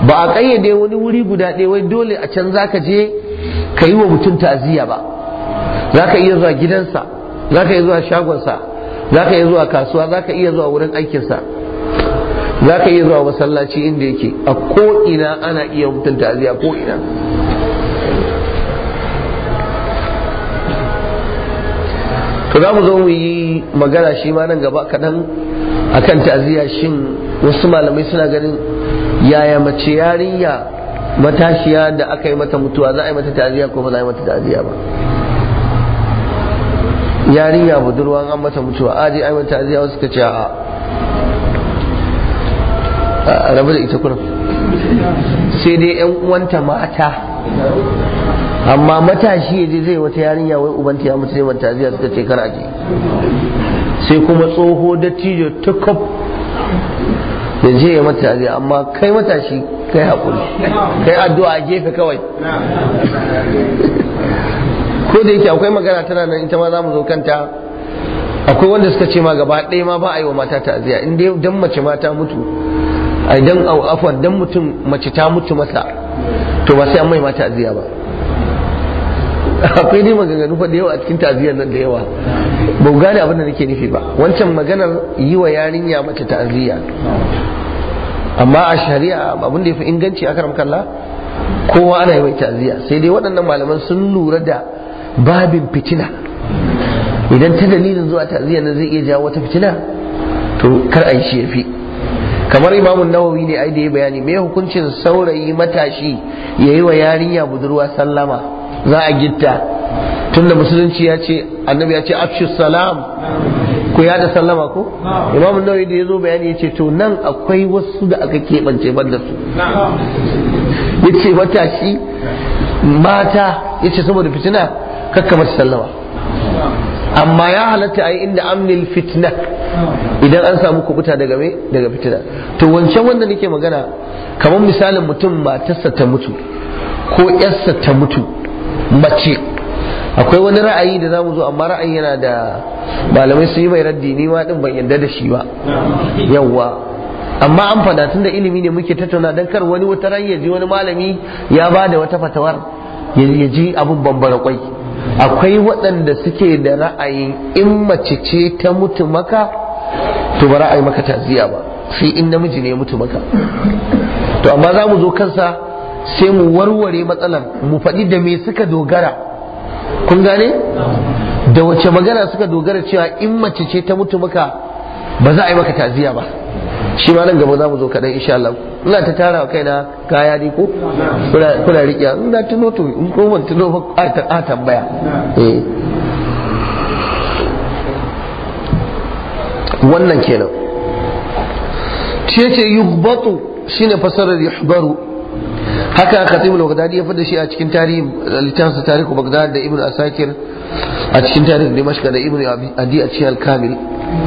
ba a ƙayyade wani wuri guda ɗaya wai dole a can za ka je ka yi wa mutum ta'aziya ba za ka iya zuwa gidansa za ka iya zuwa shagonsa za ka iya zuwa kasuwa za ka iya zuwa wurin aikinsa za ka iya zuwa masallaci inda yake a ko'ina ana iya mutum ta'aziya ko'ina to za mu zo mu yi magana shi ma nan gaba kaɗan akan ta'aziyya shin wasu malamai suna ganin yaya mace yarinya matashiya da aka yi mata mutuwa za a yi mata ta'aziyya ko ba za a yi mata ta'aziyya ba yarinya budurwa an mata mutuwa a je a yi mata ta'aziyya wasu ka ce a rabu da ita kurum sai dai yan uwanta mata amma matashi ya je zai wata yarinya wai ubanta ya mutu neman taziya suka ce kar aje sai kuma tsoho dattijo ta kaf ya je ya mata taziya amma kai matashi kai haƙuri kai addu'a a gefe kawai ko da yake akwai magana tana nan ita ma za mu zo kanta akwai wanda suka ce ma gaba ɗaya ma ba a yi wa mata ta'aziyya in dai dan mace ma ta mutu a dan au afwan dan mutum mace ta mutu masa to ba sai an mai mata ta'aziyya ba akwai ne maganganu fa da yawa a cikin ta'aziyar nan da yawa ba gane abin da nake nufi ba wancan maganar yi wa yarinya mace ta'aziyya amma a shari'a abin da ya fi inganci a karam kalla kowa ana yi mai ta'aziyya sai dai waɗannan malaman sun lura da babin fitina idan ta dalilin zuwa ta'aziyya nan zai iya jawo wata fitina to kar a yi shi ya fi kamar imamun nawawi ne ai da ya bayani me hukuncin saurayi matashi ya yi wa yarinya budurwa sallama za a gitta tunda musulunci ya ce annabi ya ce afshu salam ku ya da sallama ko imam nawawi da yazo bayani yace to nan akwai wasu da aka kebance ban da su yace wata shi mata yace saboda fitina kakka mata sallama amma ya halatta a yi inda amnil fitna idan an samu kubuta daga me daga fitina to wancan wanda nake magana kamar misalin mutum matarsa ta mutu ko yarsa ta mutu mace akwai wani ra'ayi da za mu zo amma ra'ayi yana da malamai su yi mai raddi ni ma din ban yarda da shi ba yawwa. amma an fada tun da ilimi ne muke tattauna don kar wani wata ran ya ji wani malami ya ba da wata fatawar ya ji abun bambara kwai akwai waɗanda suke da ra'ayin in mace ce ta mutu maka to ba ra'ayi maka ta ziya ba sai in namiji ne ya mutu maka to amma za mu zo kansa sai mu warware matsalar mu faɗi da me suka dogara kun gane da wace magana suka dogara cewa in mace ce ta mutu maka ba za a yi maka taziya ba shi ma nan gaba za mu zo kaɗan insha Allah ina ta tara kai na kaya ne ko kuna riƙiya ina tuno to in ko ban tuno ba a tambaya eh. wannan kenan ce ce yughbatu shine fasarar yuhbaru haka khatib al-baghdadi ya fada shi a cikin tarihi littafin tarihi baghdad da ibnu asakir a cikin tarihi mashka da ibnu adi a cikin al-kamil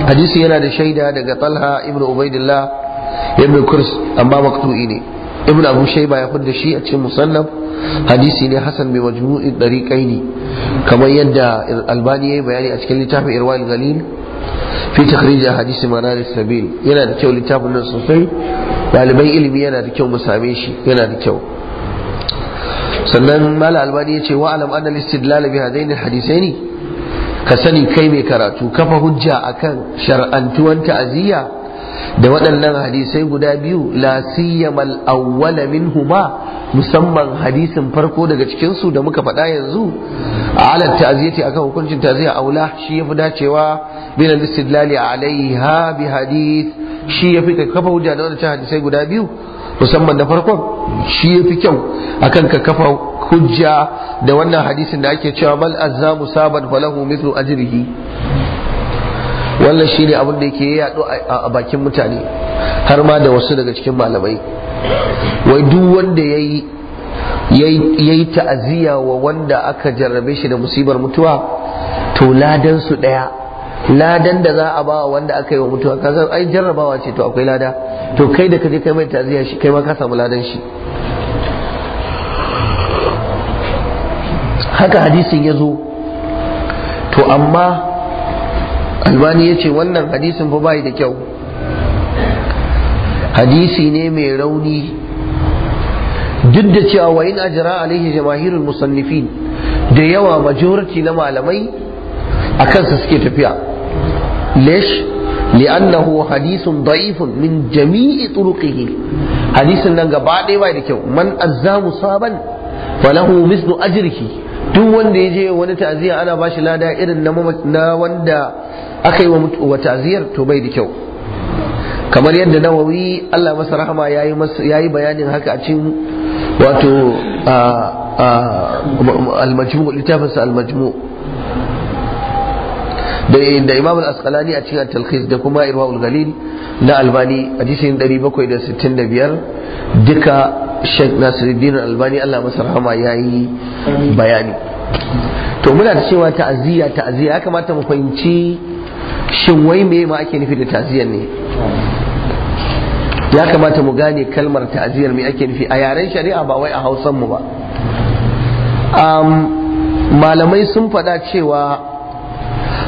hadisi yana da shaida daga talha ibnu ubaidillah ibnu kurs amma maqtu'i ne ibnu abu shayba ya fada shi a cikin musannaf hadisi ne hasan bi majmu'i dariqaini kamar yadda albani yayi bayani a cikin littafin irwal galil fi takhrij hadisi manar sabil yana da kyau littafin nan sosai ɗaliban ilimi yana da kyau mu same shi yana da kyau sannan mala albani ya ce wa alam annal istidlal bi hadaini hadisaini ka sani kai mai karatu kafa hujja akan shar'antuwan ta'aziyya da waɗannan hadisai guda biyu la siyamal awwala minhuma musamman hadisin farko daga cikinsu da muka faɗa yanzu A alar ta'ziyati akan hukuncin ta'ziya wula shi yafi dacewa bin al-istidlali alaiha bi hadith shi ya fi kafa hujja da wannan hadisai guda biyu musamman na farkon shi ya fi kyau akan ka kafa hujja da wannan hadisin da ake cewa bal azzamu saban falahu mithlu ajrihi wannan shine abin da yake yaɗo a bakin mutane har ma da wasu daga cikin malamai wai duk wanda yayi yayi ta'aziyya wa wanda aka jarrabe shi da musibar mutuwa to ladan su daya ladan da za a bawa wanda aka yi wa mutuwa kaga ai jarrabawa ce to akwai lada to kai da kaje kai mai taziya shi kai ma ka samu ladan shi haka hadisin ya zo to amma albani ya ce wannan hadisin fa bai da kyau hadisi ne mai rauni duk da cewa wa in ajra alaihi jamaahirul musannifin da yawa majority na malamai a sa suke tafiya ليش لأنه حديث ضعيف من جميع طرقه حديث نغا بعد ما يدكو من أزا مصابا فله مثل أجره duk wanda ya je wani ta'aziyya ana ba shi lada irin na wanda aka yi wa ta'aziyar to bai da kyau kamar yadda nawawi Allah masa rahama ya yi bayanin haka a cikin wato al-majmu littafinsa al-majmu da imam al-asqalani a cikin talqis da kuma irwaul galil na albani a cikin 765 duka sheikh nasiruddin albani Allah masa rahama yayi bayani to muna da cewa ta'aziyya ta'aziyya ya kamata mu fahimci shin wai me ma ake nufi da ta'aziyyar ne ya kamata mu gane kalmar ta'aziyyar me ake nufi a yaren shari'a ba wai a hausan mu ba malamai sun faɗa cewa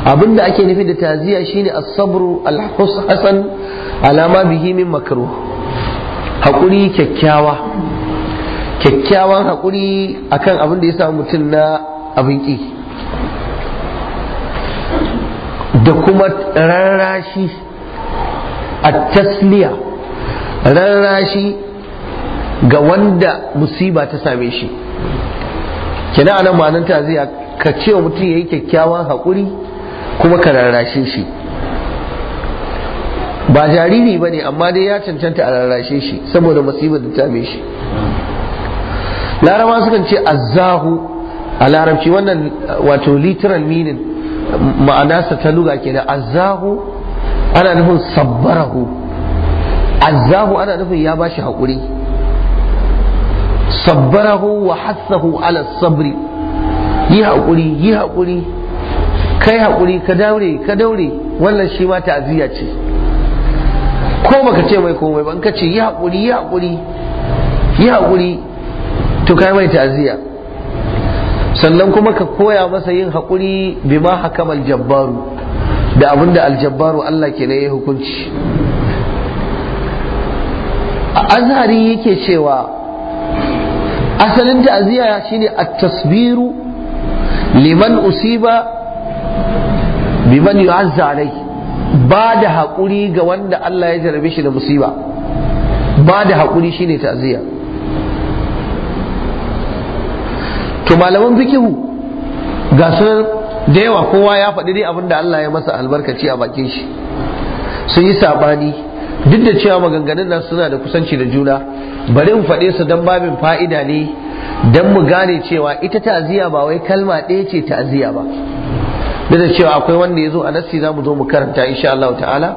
Abin da ake nufi da taziya shine as-sabru al husn alama bihi min makruh hakuri kyakkyawa kyakkyawan hakuri akan abin da ya samu mutum na abin ki da kuma rarrashi a tasliya rarrashi ga wanda musiba ta same shi kina anan ma'anar taziya ka ce mutum ya yi kyakkyawan haƙuri kuma ka rarrashe shi ba jariri ba ne amma dai ya cancanta a rarrashe shi saboda musibar da ta shi Larama sukan ce azzahu a larabci wannan uh, wato literal meaning ma'anarsa ta luga kenan azahu ana nufin sabbarahu azzahu ana nufin ya bashi haƙuri sabbarahu wa hassahu ala sabri yi haƙuri yi haƙuri kai haƙuri ka daure ka daure wannan shi ma ta'aziyya ce ko baka ce mai komai ba in ka ce yi haƙuri yi haƙuri yi haƙuri to kai mai ta'aziyya sannan kuma ka koya masa yin haƙuri bima haka aljabbaru. da abinda aljabbaru Allah ke ya hukunci azhari yake cewa asalin ta'aziyya shine at-tasbiru liman usiba biman yu'azza alai ba da haƙuri ga wanda Allah ya jarabe shi da musiba ba da haƙuri shine ta'ziya to malaman fikihu ga sunan da yawa kowa ya faɗi dai abin da Allah ya masa albarkaci a bakin shi sun yi sabani duk da cewa maganganun nan suna da kusanci da juna bari in faɗe su don babin fa'ida ne don mu gane cewa ita ta'ziya ba wai kalma ɗaya ce ta'ziya ba duk da cewa akwai wanda ya zo a nassi za mu zo mu karanta insha Allah ta'ala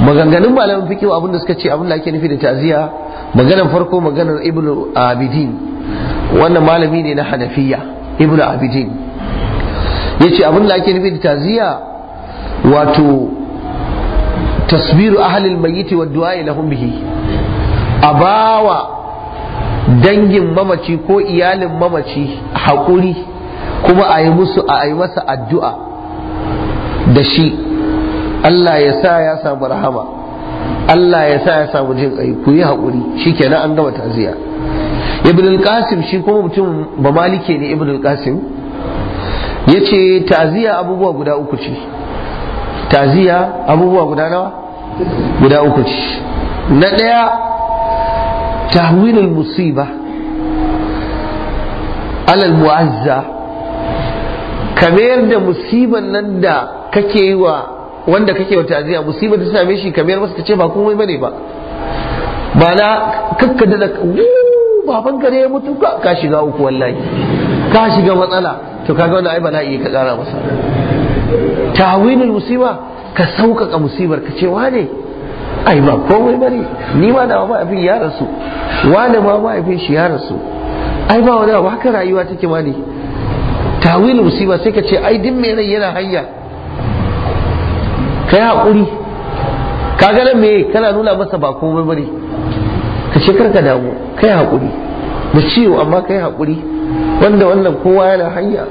maganganun malamin fikihu abinda suka ce abin da ake nufi da ta'ziya maganar farko maganar ibnu abidin wannan malami ne na hanafiya ibnu abidin yace abin da ake nufi da ta'ziya wato tasbiru ahlil mayyiti wa du'a lahum bihi abawa dangin mamaci ko iyalin mamaci haƙuri kuma musu a yi masa addu'a da shi Allah ya sa ya samu rahama Allah ya sa ya samu jin kai ku yi haƙuri shikenan an gama taziya ibn al-qasim shi kuma mutum ba malike ne ibn al-qasim yace taziya abubuwa guda uku ce taziya abubuwa guda nawa guda uku ce na ɗaya tahwilul musiba alal mu'azza ka mayar da musiban nan da kake yi wa wanda kake wa ta'aziyya musibar ta same shi ka mayar masa ta ce ba komai bane ba na kakka da baban gare ya mutu ka shiga uku wallahi ka shiga matsala to kaga wannan ai bala'i ka kara masa tawilul musiba ka sauƙaƙa musibar ka ce wane ai ba komai bane ni ma da ba abin ya rasu wane ma ba abin shi ya rasu ai ba wani ba haka rayuwa take ma ne tawil musiba sai ka ce ai din mai rai yana hanya kai haƙuri ka nan me kana nuna masa ba komai bane ka ce karka damu kai haƙuri da ciwo amma kai haƙuri wanda wannan kowa yana hanya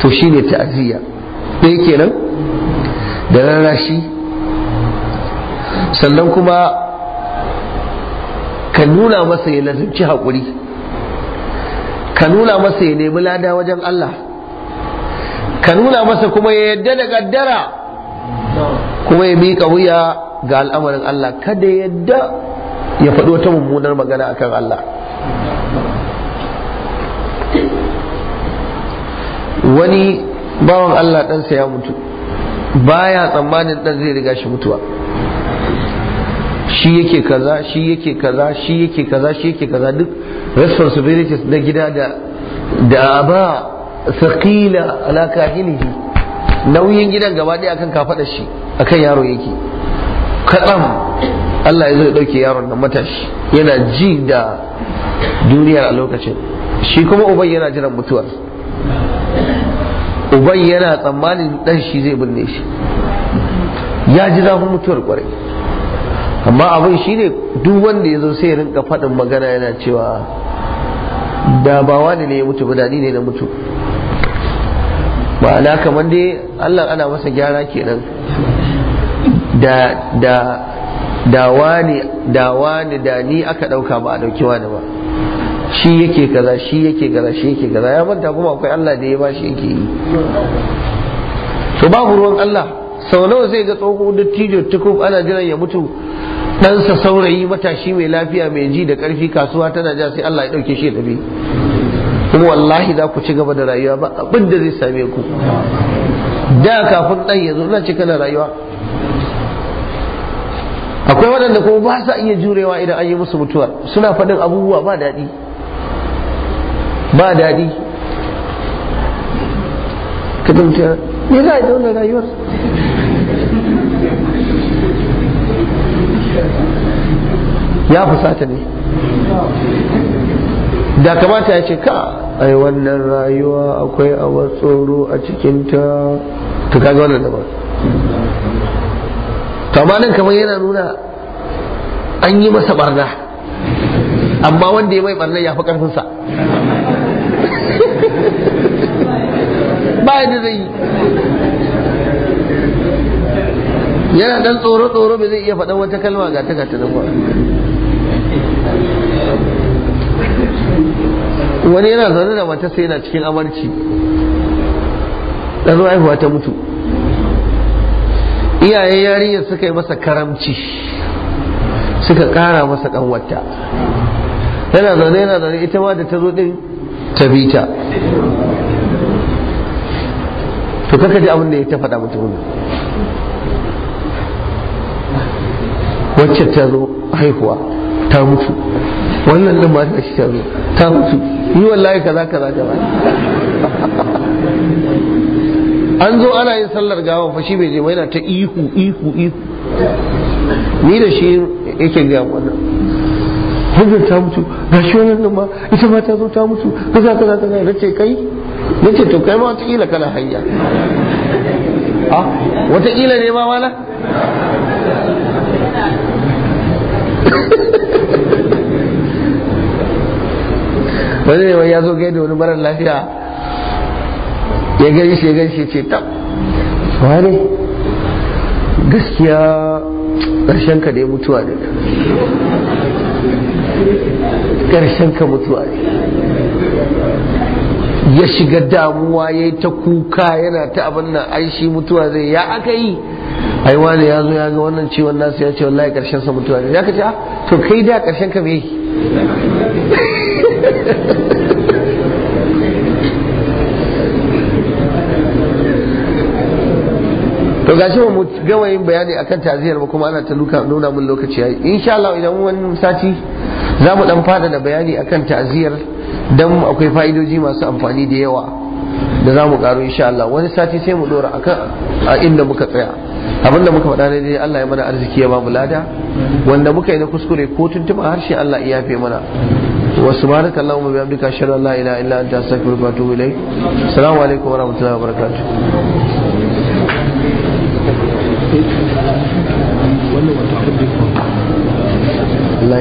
to shine ta'aziyya dai kenan da rarashi sannan kuma ka nuna masa ya lazimci haƙuri ka nuna masa ya nemi lada wajen Allah ka nuna masa kuma ya yadda da gaddara kuma ya miƙa wuya ga al'amarin Allah kada yadda ya faɗo ta mummunar magana akan Allah wani bawan Allah ɗansa ya mutu baya tsammanin ɗan zai riga shi mutuwa shi yake kaza shi yake kaza shi yake kaza shi yake kaza duk responsibilities na gida da da ba saqila ala kahinihi nauyin gidan gaba ɗaya akan kafaɗa shi akan yaro yake kaɗan Allah ya zo ya ɗauke yaron nan matashi yana ji da duniya a lokacin shi kuma uban yana jiran mutuwar uban yana tsammanin ɗan shi zai binne shi ya ji zafin mutuwar kwarai amma abin shi ne duk wanda ya zo sai rinka faɗin magana yana cewa da ba wani ne ya mutu ba ni ne na mutu na kamar dai allah ana masa gyara kenan da da da wani da wani da ni aka ɗauka ba a ɗauki wani ba shi yake kaza shi yake kaza shi yake kaza ya manta kuma akwai allah da ya ba shi yake yi to babu ruwan allah sau nawa zai ga tsohon dattijo tukub ana jiran ya mutu ɗansa saurayi matashi mai lafiya mai ji da ƙarfi kasuwa tana ja sai Allah ya ɗauke shi tafi kuma wallahi za ku ci gaba da rayuwa ba abin da zai same ku da kafin ɗan ya zo na ci kana rayuwa akwai waɗanda kuma ba sa iya jurewa idan an yi musu mutuwa suna faɗin abubuwa ba daɗi ba daɗi ka ne za a yi rayuwar ya fusata ne da kamata ya ce ka ai wannan rayuwa akwai wasu tsoro a cikinta to kaga wannan dabar amma nan kamar yana nuna an yi masa barna amma wanda ya mai barna ya fi karfinsa ba yadda zai yi yana dan tsoro-tsoro bai zai iya faɗan wata kalma ga ta ba wani yana zaune da mata sai yana cikin amarci ɗan haihuwa ta mutu iyayen yarinyar suka yi masa karamci suka kara masa ƙanwata yana zaune yana zaune ita ma da ta zo ɗin ta bi ta to kaka ji abin da ya ta faɗa mutum wacce ta zo haihuwa ta mutu wannan din ta shi ta zo ta mutu ni wallahi kaza kaza kaza an zo ana yin sallar gawa fa shi bai je ba yana ta ihu ihu ihu ni da shi yake ga wannan hujjar ta mutu ga shi wannan din ba ita ma ta zo ta mutu kaza kaza kaza nace kai ce to kai ma wata kila kana hanya a ah, wata kila ne ma mala wani ne ya zo gaida wani marar lafiya ya gani shi ya gani shi ce tab wani gaskiya ƙarshen ka dai mutuwa ne ƙarshen ka mutuwa ne ya shiga damuwa ya yi ta kuka yana ta abin nan ai shi mutuwa zai ya aka yi ai wani ya zo ya ga wannan ciwon nasu ya ce wallahi ƙarshen sa mutuwa ne ya ka ce ah, to kai da ƙarshen ka me to shi mu gawayin yin bayani akan taziyar ba kuma ana ta nuna mun lokaci yayi insha Allah idan wani sati za mu dan fada da bayani akan taziyar dan akwai fa'idoji masu amfani da yawa da za mu karo insha Allah wani sati sai mu dora akan a inda muka tsaya abinda muka faɗa dai Allah ya mana arziki ya ba mu lada wanda muka yi na kuskure ko tuntuma harshe Allah ya yafe mana wa subhanaka allahumma bihamdika ashhadu an la illa anta astaghfiruka wa atubu ilaik assalamu wa rahmatullahi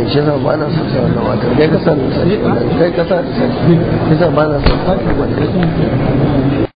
shi zan sa wannan wata kai kai sa